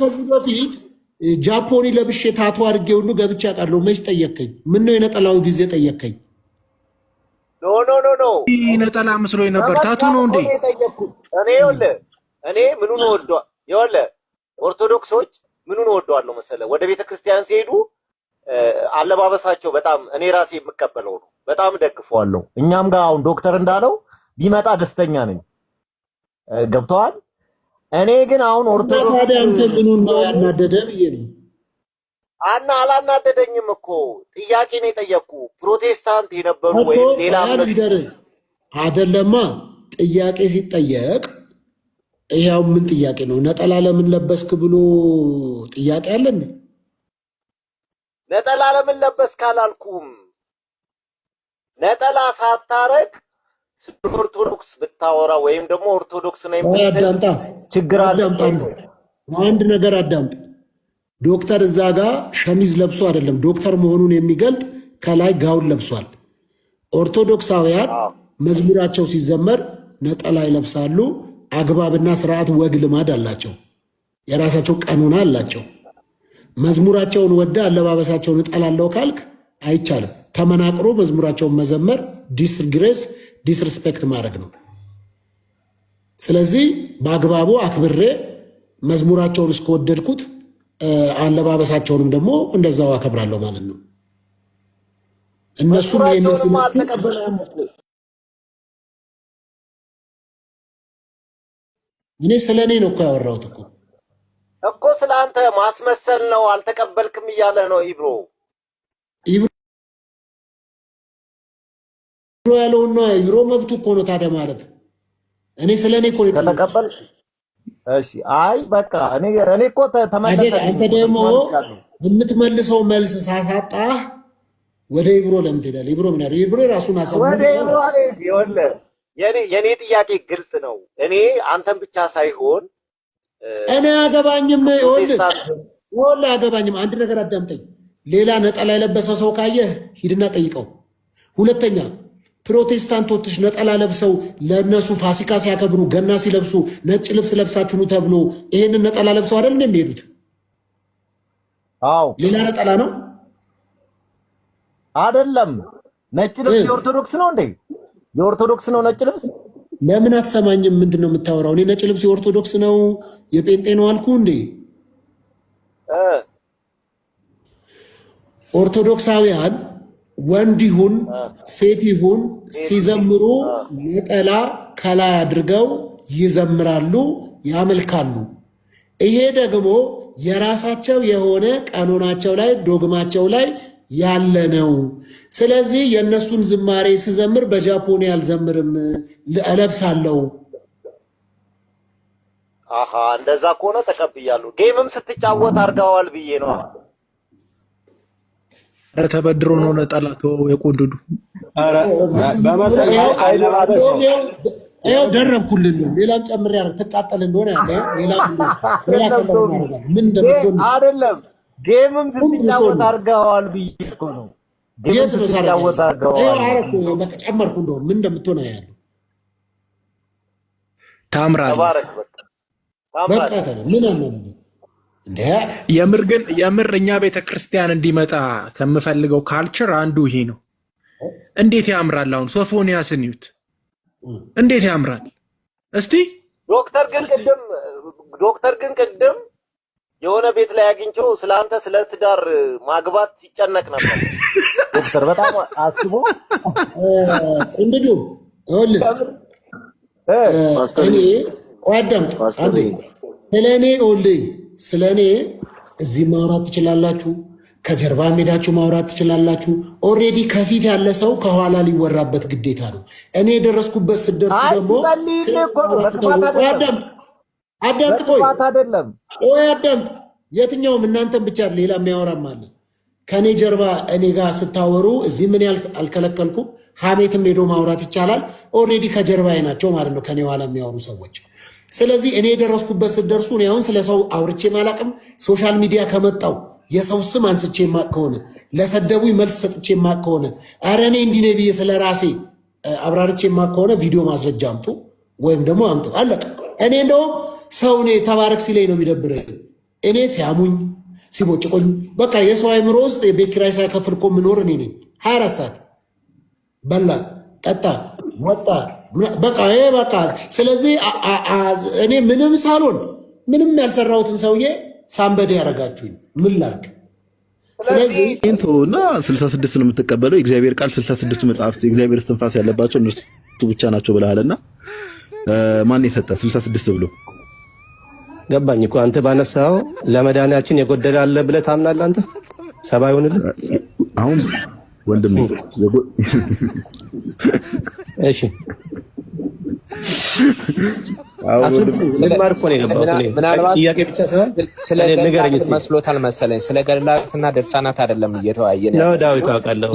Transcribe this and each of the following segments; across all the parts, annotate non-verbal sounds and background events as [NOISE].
ከዚህ በፊት ጃፖኒ ለብሼ ታቶ አድርጌ ሁሉ ገብቼ አውቃለሁ። መች ጠየከኝ? ምን ነው የነጠላው ጊዜ ጠየከኝ? ኖ ኖ ኖ ኖ ነጠላ ምስሎ ነበር። ታቶ ነው እንዴ እኔ ወለ እኔ ምኑን ወዷ የወለ ኦርቶዶክሶች ምኑን ወዷለሁ መሰለ። ወደ ቤተ ክርስቲያን ሲሄዱ አለባበሳቸው በጣም እኔ ራሴ የምቀበለው ነው። በጣም እደግፈዋለሁ። እኛም ጋር አሁን ዶክተር እንዳለው ቢመጣ ደስተኛ ነኝ። ገብተዋል እኔ ግን አሁን ኦርቶዶክስ ታዲያ አንተ ምኑን ነው ያናደደ ብዬ ነው አና አላናደደኝም እኮ ጥያቄ ነው የጠየቅኩ። ፕሮቴስታንት የነበሩ ወይም ሌላ አይደለማ። ጥያቄ ሲጠየቅ ያው ምን ጥያቄ ነው? ነጠላ ለምን ለበስክ ብሎ ጥያቄ አለን። ነጠላ ለምን ለበስክ አላልኩም። ነጠላ ሳታረግ ኦርቶዶክስ የምታወራ ወይም ደግሞ ኦርቶዶክስ ነኝ አዳምጣ ችግር አለ። አንድ ነገር አዳምጥ። ዶክተር እዛ ጋር ሸሚዝ ለብሶ አይደለም ዶክተር መሆኑን የሚገልጥ ከላይ ጋውን ለብሷል። ኦርቶዶክሳውያን መዝሙራቸው ሲዘመር ነጠላ ይለብሳሉ። አግባብና ስርዓት ወግ ልማድ አላቸው። የራሳቸው ቀኖና አላቸው። መዝሙራቸውን ወደ አለባበሳቸውን እጠላለው ካልክ አይቻልም። ተመናቅሮ መዝሙራቸውን መዘመር ዲስግሬስ ዲስሪስፔክት ማድረግ ነው። ስለዚህ በአግባቡ አክብሬ መዝሙራቸውን እስከወደድኩት አለባበሳቸውንም ደግሞ እንደዛው አከብራለሁ ማለት ነው። እነሱ እኔ ስለ እኔ ነው እኮ ያወራሁት እኮ እኮ ስለ አንተ ማስመሰል ነው። አልተቀበልክም እያለ ነው ኢብሮ ኢብሮ ያለውን ነው። ኢብሮ መብቱ እኮ ነው ታዲያ ማለት እኔ ስለ እኔ እኮ ተቀበል። እሺ፣ አይ በቃ እኔ እኔ እኮ ተመለሰ። አንተ ደግሞ የምትመልሰው መልስ ሳሳጣ ወደ ኢብሮ ለምን ትሄዳለህ? ኢብሮ ምን ያደርግ? ኢብሮ ራሱን አሰሙ። ወደ ኢብሮ ይኸውልህ፣ የኔ ጥያቄ ግልጽ ነው። እኔ አንተን ብቻ ሳይሆን እኔ አገባኝም። ይኸውልህ፣ ይኸውልህ አገባኝም። አንድ ነገር አዳምጠኝ። ሌላ ነጠላ የለበሰ ሰው ካየህ ሂድና ጠይቀው። ሁለተኛ ፕሮቴስታንቶች ነጠላ ለብሰው ለእነሱ ፋሲካ ሲያከብሩ ገና ሲለብሱ ነጭ ልብስ ለብሳችሁ ተብሎ ይሄንን ነጠላ ለብሰው አይደል የሚሄዱት አዎ ሌላ ነጠላ ነው አይደለም። ነጭ ልብስ የኦርቶዶክስ ነው እንዴ? የኦርቶዶክስ ነው ነጭ ልብስ። ለምን አትሰማኝም? ምንድን ነው የምታወራው? እኔ ነጭ ልብስ የኦርቶዶክስ ነው የጴንጤ ነው አልኩ እንዴ? ኦርቶዶክሳውያን ወንድ ይሁን ሴት ይሁን ሲዘምሩ ነጠላ ከላይ አድርገው ይዘምራሉ፣ ያመልካሉ። ይሄ ደግሞ የራሳቸው የሆነ ቀኖናቸው ላይ ዶግማቸው ላይ ያለ ነው። ስለዚህ የእነሱን ዝማሬ ስዘምር በጃፖን አልዘምርም፣ እለብሳለሁ። አሃ እንደዛ ከሆነ ተቀብያሉ። ጌምም ስትጫወት አድርገዋል ብዬ ነው ተበድሮ ነው ነጠላቶ የቆንድዱ ደረብኩልን። ሌላም ጨምር ያደርግ ትቃጠል እንደሆነ ያለ አይደለም። ጌምም ስትጫወት አድርገዋል ብዬ እኮ ነው። ጌም ጨመርኩ እንደሆነ ምን እንደምትሆን ያለ ታምራለህ። ምን አለ የምር ግን የምር እኛ ቤተ ክርስቲያን እንዲመጣ ከምፈልገው ካልቸር አንዱ ይሄ ነው። እንዴት ያምራል! አሁን ሶፎንያስን እዩት፣ እንዴት ያምራል! እስቲ ዶክተር ግን ቅድም ዶክተር ግን ቅድም የሆነ ቤት ላይ አግኝቼው ስለአንተ ስለ ትዳር ማግባት ሲጨነቅ ነበር። ዶክተር በጣም አስቦ እንድዱ ቆይ አዳምጥ። ስለ እኔ ይኸውልህ ስለ እኔ እዚህ ማውራት ትችላላችሁ፣ ከጀርባ ሜዳችሁ ማውራት ትችላላችሁ። ኦልሬዲ ከፊት ያለ ሰው ከኋላ ሊወራበት ግዴታ ነው። እኔ የደረስኩበት ስደርሱ ደግሞ አዳምጥ፣ ቆይ አዳምጥ። የትኛውም እናንተን ብቻ ሌላ የሚያወራም አለ። ከእኔ ጀርባ እኔ ጋር ስታወሩ እዚህ ምን አልከለከልኩም። ሀሜትም ሄዶ ማውራት ይቻላል። ኦልሬዲ ከጀርባዬ ናቸው ማለት ነው ከኔ ኋላ የሚያወሩ ሰዎች ስለዚህ እኔ የደረስኩበት ስትደርሱ እኔ አሁን ስለ ሰው አውርቼ ማላቅም። ሶሻል ሚዲያ ከመጣው የሰው ስም አንስቼ የማቅ ከሆነ ለሰደቡኝ መልስ ሰጥቼ የማቅ ከሆነ ኧረ እኔ እንዲህ ነኝ ብዬ ስለ ራሴ አብራርቼ የማቅ ከሆነ ቪዲዮ ማስረጃ አምጡ ወይም ደግሞ አምጡ። አለቀ። እኔ እንደውም ሰው እኔ ተባረክ ሲለኝ ነው የሚደብረኝ። እኔ ሲያሙኝ ሲቦጭቆኝ፣ በቃ የሰው አይምሮ ውስጥ የቤት ኪራይ ሳይከፍል እኮ የምኖር እኔ ነኝ። ሀያ አራት ሰዓት በላ፣ ጠጣ፣ ወጣ በቃ ይሄ በቃ ስለዚህ እኔ ምንም ሳልሆን ምንም ያልሰራሁትን ሰውዬ ሳንበዴ ያደረጋችሁኝ ምን ላድርግ? ስለዚህ እና ስልሳ ስድስት ነው የምትቀበለው። እግዚአብሔር ቃል ስልሳ ስድስቱ መጽሐፍት የእግዚአብሔር እስትንፋስ ያለባቸው እነሱ ብቻ ናቸው ብለሃልና ማን የሰጠ ስልሳ ስድስት ብሎ ገባኝ እኮ አንተ ባነሳው ለመዳናችን የጎደለ አለ ብለህ ታምናለህ። አንተ ሰባ ይሆንልህ አሁን ወንድም እሺ መስሎታል መሰለኝ። ስለ ገድላትና ድርሳናት አይደለም እየተወያየን ነው። ዳዊት አውቃለሁ፣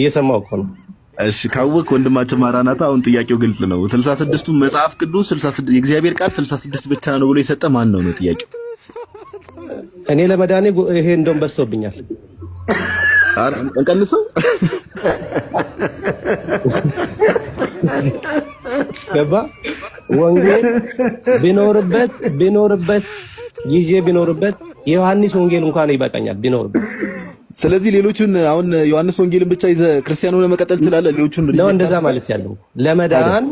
እየሰማሁ እኮ ነው። እሺ ካወቅ ወንድማችን ማራናታ፣ አሁን ጥያቄው ግልጽ ነው። ስልሳ ስድስቱ መጽሐፍ ቅዱስ የእግዚአብሔር ቃል ስልሳ ስድስት ብቻ ነው ብሎ የሰጠ ማን ነው ነው ጥያቄው። እኔ ለመድኃኔ ይሄ እንደውም በዝቶብኛል። እንቀንሰው ገባ ወንጌል ቢኖርበት ቢኖርበት ጊዜ ቢኖርበት የዮሐንስ ወንጌል እንኳን ይበቃኛል ቢኖርበት። ስለዚህ ሌሎቹን አሁን ዮሐንስ ወንጌልን ብቻ ይዘ ክርስቲያኑ ለመቀጠል ትችላለህ። ሌሎቹን ነው እንደዛ ማለት ያለው ለመዳን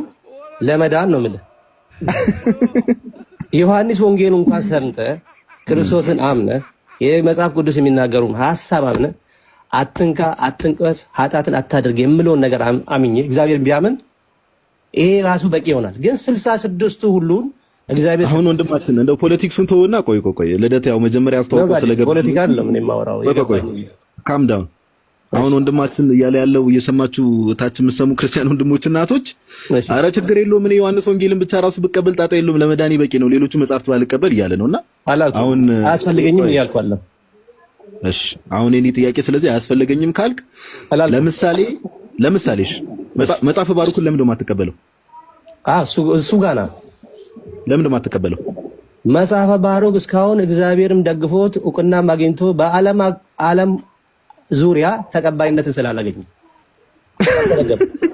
ለመዳን ነው የምልህ። ዮሐንስ ወንጌል እንኳን ሰምተ ክርስቶስን አምነ የመጽሐፍ ቅዱስ የሚናገሩን ሐሳብ አምነ አትንካ፣ አትንቀስ፣ ኃጢአትን አታድርግ የምለውን ነገር አምኜ እግዚአብሔር ቢያምን ይሄ ራሱ በቂ ይሆናል። ግን ስልሳ ስድስቱ ሁሉን እግዚአብሔር አሁን ወንድማችን እንደው ፖለቲክሱን ተወና፣ ቆይ ቆይ ቆይ ልደት ያው መጀመሪያ አስተዋውቆ ስለገባ ፖለቲካ አይደለም እኔ የማወራው። ቆይ ቆይ ካም ዳውን። አሁን ወንድማችን እያለ ያለው እየሰማችሁ ታች የምትሰሙ ክርስቲያን ወንድሞች እናቶች፣ አረ ችግር የለውም እኔ ዮሐንስ ወንጌልን ብቻ ራሱ ብቀበል ጣጣ የለውም ለመዳኔ በቂ ነው፣ ሌሎቹ መጽሐፍት ባልቀበል እያለ ነውና አሁን አያስፈልገኝም እያልኩ አለ። እሺ አሁን እኔ ጥያቄ ስለዚህ አያስፈልገኝም ካልክ ለምሳሌ ለምሳሌ መጽሐፈ ባሩክን ለምን ደማ አትቀበለው? እሱ ጋና ለምን ደማ መጽሐፈ ባሩክ እስካሁን እግዚአብሔርም ደግፎት እውቅናም አግኝቶ በዓለም ዙሪያ ተቀባይነትን ስላላገኝ [LAUGHS]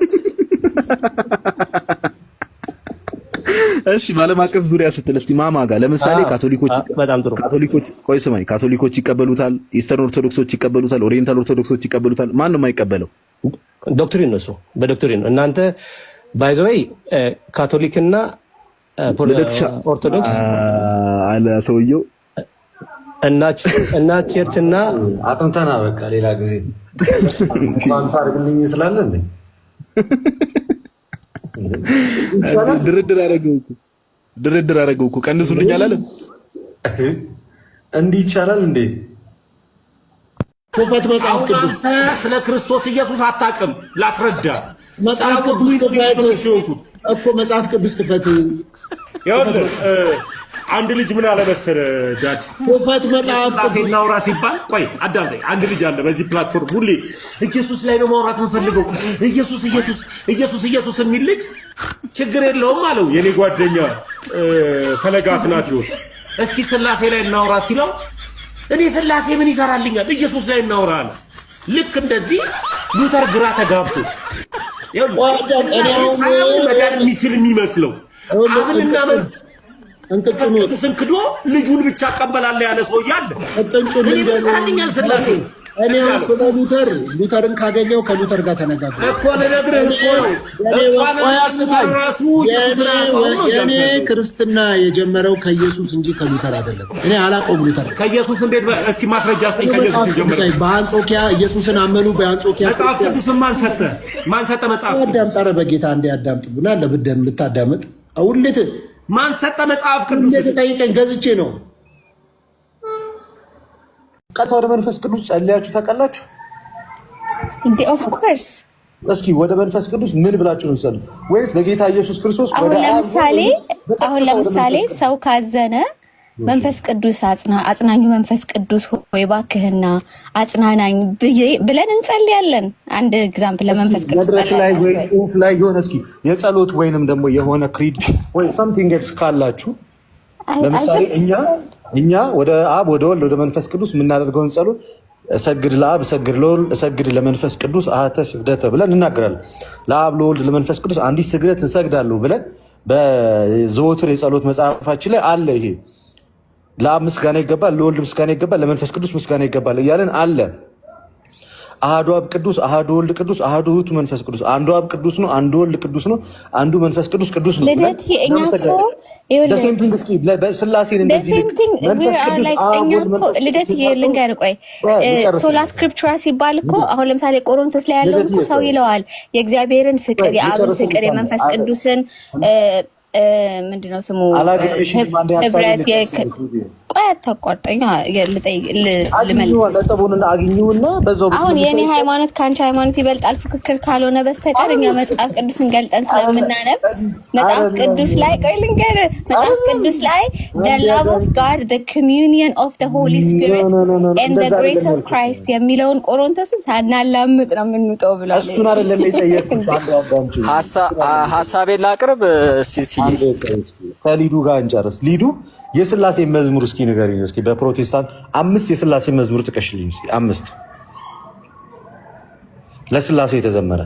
እሺ በዓለም አቀፍ ዙሪያ ስትል እስቲ ማማ ጋር ለምሳሌ ካቶሊኮች በጣም ጥሩ ካቶሊኮች፣ ቆይ ስማኝ፣ ካቶሊኮች ይቀበሉታል፣ ኢስተርን ኦርቶዶክሶች ይቀበሉታል፣ ኦሪየንታል ኦርቶዶክሶች ይቀበሉታል። ማን ነው የማይቀበለው? ዶክትሪን ነሱ በዶክትሪን ነው እናንተ ባይዘወይ ካቶሊክና ኦርቶዶክስ አለ ሰውየው እና ቸርችና አጥንተና በቃ ሌላ ጊዜ አድርግልኝ ስላለ ድርድር አደረገው ድርድር አደረገው እኮ ቀንሱልኝ አላለም። እንዲህ ይቻላል እንዴ? ክፈት መጽሐፍ ቅዱስ። ስለ ክርስቶስ ኢየሱስ አታውቅም። ላስረዳ መጽሐፍ ቅዱስ ክፈት እኮ መጽሐፍ ቅዱስ ክፈት። ይኸውልህ አንድ ልጅ ምን አለ መሰለህ ዳድ ክፈት መጽሐፍ ቅዱስ እናውራ ሲባል፣ ቆይ አዳምጠኝ። አንድ ልጅ አለ በዚህ ፕላትፎርም ሁሌ ኢየሱስ ላይ ነው ማውራት የምፈልገው ኢየሱስ ኢየሱስ ኢየሱስ ኢየሱስ የሚል ልጅ ችግር የለውም አለው የኔ ጓደኛ ፈለጋት ናት እስኪ ስላሴ ላይ እናውራ ሲለው እኔ ስላሴ ምን ይሰራልኛል? ኢየሱስ ላይ እናወራለን። ልክ እንደዚህ ሉተር ግራ ተጋብቶ መዳን የሚችል የሚመስለው አብንና መንፈስ ቅዱስን ክዶ ልጁን ብቻ እቀበላለሁ ያለ ሰው እያለ እኔ ምን ይሰራልኛል ስላሴ እኔ ስለ ሉተር ሉተርን ካገኘው ከሉተር ጋር ተነጋግሮ እኮ ልነግርህ እኮ ነው። የእኔ ክርስትና የጀመረው ከኢየሱስ እንጂ ከሉተር አይደለም። እኔ አላቆም ሉተር ከኢየሱስ እንዴት? እስኪ ማስረጃ ስጠኝ። ከኢየሱስ ጀመረ። በአንጾኪያ ኢየሱስን አመኑ። በአንጾኪያ መጽሐፍ ቅዱስን ማን ሰጠ? ማን ሰጠ መጽሐፍ ቅዱስ? ኧረ በጌታ እንዴ አዳምጥቡና ለብደም ብታዳምጥ አውልት ማን ሰጠ መጽሐፍ ቅዱስ? ጠይቀኝ ገዝቼ ነው ቀጥታ ወደ መንፈስ ቅዱስ ጸልያችሁ ታውቃላችሁ? እንደ ኦፍ ኮርስ እስኪ ወደ መንፈስ ቅዱስ ምን ብላችሁ ነው ጸልዩ? ወይስ በጌታ ኢየሱስ ክርስቶስ ወደ ለምሳሌ አሁን ለምሳሌ ሰው ካዘነ መንፈስ ቅዱስ አጽና አጽናኙ መንፈስ ቅዱስ ሆይ ባክህና አጽናናኝ ብለን እንጸልያለን። አንድ ኤግዛምፕል ለመንፈስ ቅዱስ መድረክ ላይ ወይ ጽሑፍ ላይ የሆነ እስኪ የጸሎት ወይንም ደግሞ የሆነ ክሪድ ወይ ሳምቲንግ ኤልስ ካላችሁ ለምሳሌ እኛ እኛ ወደ አብ ወደ ወልድ ወደ መንፈስ ቅዱስ የምናደርገውን ጸሎት እሰግድ ለአብ እሰግድ ለወልድ እሰግድ ለመንፈስ ቅዱስ አህተ ስግደተ ብለን እናገራለን። ለአብ ለወልድ ለመንፈስ ቅዱስ አንዲት ስግደት እንሰግዳለሁ ብለን በዘወትር የጸሎት መጽሐፋችን ላይ አለ። ይሄ ለአብ ምስጋና ይገባል፣ ለወልድ ምስጋና ይገባል፣ ለመንፈስ ቅዱስ ምስጋና ይገባል እያለን አለ። አህዱ አብ ቅዱስ፣ አህዱ ወልድ ቅዱስ፣ አህዱ ውእቱ መንፈስ ቅዱስ። አንዱ አብ ቅዱስ ነው፣ አንዱ ወልድ ቅዱስ ነው፣ አንዱ መንፈስ ቅዱስ ቅዱስ ነው። ሴምቲንግ እስኪ ስላሴን እንደዚህ ልደት ልንገርህ። ቆይ ሶላ ስክሪፕቹራ ሲባል እኮ አሁን ለምሳሌ ቆሮንቶስ ላይ ያለው እኮ ሰው ይለዋል። የእግዚአብሔርን ፍቅር፣ የአብን ፍቅር፣ የመንፈስ ቅዱስን ምንድነው ስሙ ህብረት ቆይ አታቋርጠኝ፣ ልመልሰቡንና አግኝውና አሁን የእኔ ሃይማኖት ከአንቺ ሃይማኖት ይበልጣል ፉክክር ካልሆነ በስተቀር እኛ መጽሐፍ ቅዱስን ገልጠን ስለምናነብ መጽሐፍ ቅዱስ ላይ ቆይ ልንገር፣ መጽሐፍ ቅዱስ ላይ ደ ላቭ ኦፍ ጋድ ደ ኮሚኒየን ኦፍ ደ ሆሊ ስፒሪት ኤንድ ግሬስ ኦፍ ክራይስት የሚለውን ቆሮንቶስን ሳናላምጥ ነው የምንውጠው ብሏል። እሱን አይደለም የጠየቅኩሽ። ሀሳቤን ላቅርብ። ከሊዱ ጋር እንጨርስ ሊዱ የስላሴ መዝሙር እስኪ ንገሪኝ እስኪ። በፕሮቴስታንት አምስት የስላሴ መዝሙር ጥቀሽልኝ እስኪ። አምስት ለስላሴ የተዘመረ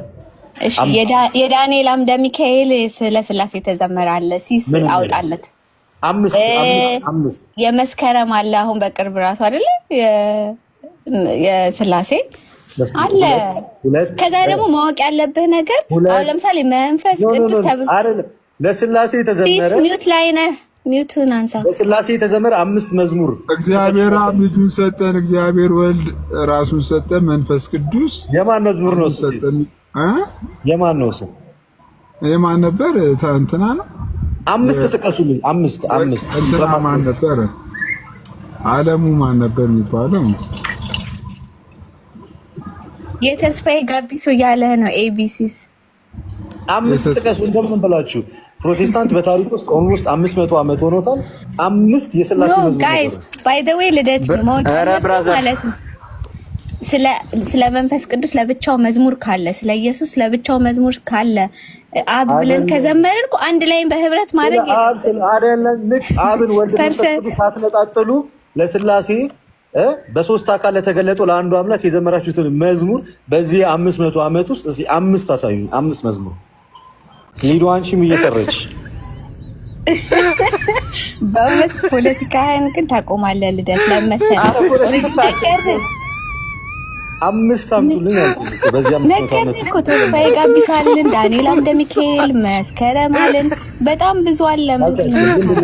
እሺ። የዳንኤል አምደ ሚካኤል ለስላሴ የተዘመረ አለ። ሲስ አውጣለት አምስት አምስት። የመስከረም አለ አሁን በቅርብ ራሱ አይደለ የስላሴ አለ። ከዛ ደግሞ ማወቅ ያለብህ ነገር አሁን ለምሳሌ መንፈስ ቅዱስ ተብሎ ለስላሴ የተዘመረ ሚዩት ላይ ነህ ሚዩቱን አንሳ። በስላሴ የተዘመረ አምስት መዝሙር እግዚአብሔር አብ ሰጠን፣ እግዚአብሔር ወልድ ራሱን ሰጠን፣ መንፈስ ቅዱስ የማን መዝሙር ነው? ሰጠን የማን ነው? ስም የማን ነበር? እንትና ነው። አምስት ጥቀሱልኝ። አምስት አምስት እንትና ማን ነበር? አለሙ ማን ነበር የሚባለው? የተስፋዬ ጋቢሶ እያለህ ነው። ኤቢሲስ አምስት ጥቀሱ እንደምን ብላችሁ ፕሮቴስታንት በታሪክ ውስጥ ኦን ውስጥ አምስት መቶ ዓመት ሆኖታል። አምስት የስላሴ ጋይስ ባይ ዘ ዌይ ልደት ማለት ስለ መንፈስ ቅዱስ ለብቻው መዝሙር ካለ፣ ስለ ኢየሱስ ለብቻው መዝሙር ካለ አብ ብለን ከዘመርን እኮ አንድ ላይም በህብረት ማድረግ አይደለም። አብን ወልድ ሳትነጣጥሉ ለስላሴ በሶስት አካል ለተገለጠው ለአንዱ አምላክ የዘመራችሁትን መዝሙር በዚህ አምስት መቶ ዓመት ውስጥ አምስት አሳዩ። አምስት መዝሙር ሊዱ አንቺም እየሰረች በእውነት ፖለቲካህን ግን ታቆማለህ። ልደት ለመሰለህ አምስት አምጡልኝ አልኩኝ። በዚህ አምስት እኮ ተስፋዬ ዳንኤል አምደ ሚካኤል፣ መስከረም አለን። በጣም ብዙ አለ። ዩቲዩብ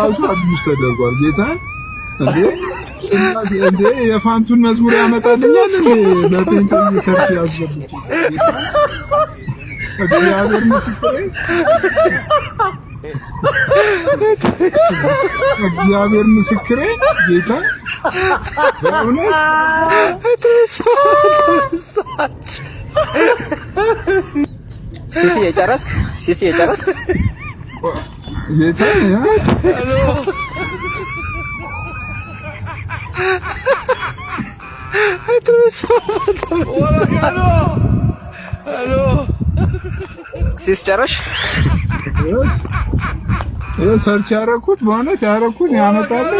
ራሱ የፋንቱን መዝሙር ያመጣልኛል እ ሰርች እግዚአብሔር ምስክሬ ጌታ በእውነት ሲሲ የጨረስክ ሲሲ የጨረስክ ጌታ ሲስጨረሽ ሰርች ያረኩት በእውነት ያረኩት ያመጣል።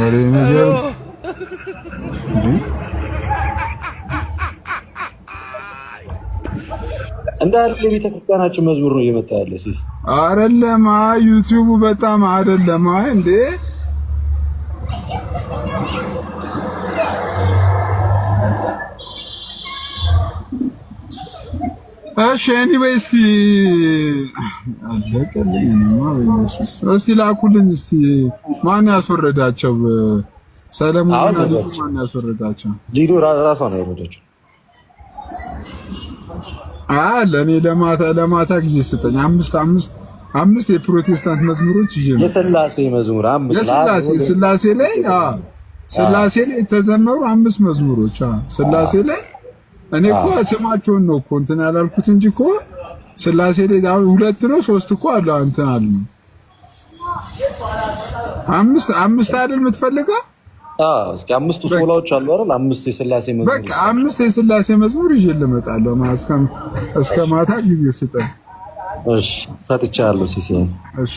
አሬ ነገር እንደ አርለ መዝሙር ነው እየመጣ ያለ ሲስ አይደለም። አይ ዩቲዩቡ በጣም አይደለም። አይ እንዴ እሺ ኤኒዌይ እስቲ አለቀልኝ። እኔማ በኢየሱስ እስቲ ላኩልኝ። እስቲ ማን ያስወረዳቸው? ሰለሞን እና ማን ያስወረዳቸው? ሊዱ ራሷ ነው ያወረደችው። አይ ለእኔ ለማታ ለማታ ጊዜ ስጠኝ። አምስት አምስት አምስት የፕሮቴስታንት መዝሙሮች ይዤ ነው የሥላሴ መዝሙር አምስት የሥላሴ ሥላሴ ላይ አዎ፣ ሥላሴ ላይ የተዘመሩ አምስት መዝሙሮች አዎ፣ ሥላሴ ላይ እኔ እኮ ስማቸውን ነው እኮ እንትን ያላልኩት እንጂ እኮ ስላሴ ላይ ሁለት ነው ሶስት እኮ አለ እንትን አለ አምስት አምስት አይደል የምትፈልገው? አዎ እስኪ አምስቱ ሶላዎች አሉ አይደል? አምስት የስላሴ መዝሙር በቃ አምስት የስላሴ መዝሙር ይዤ ልመጣለሁ። እስከ ማታ ጊዜ ስጠን። እሺ ሰጥቻለሁ ሲሴ እሺ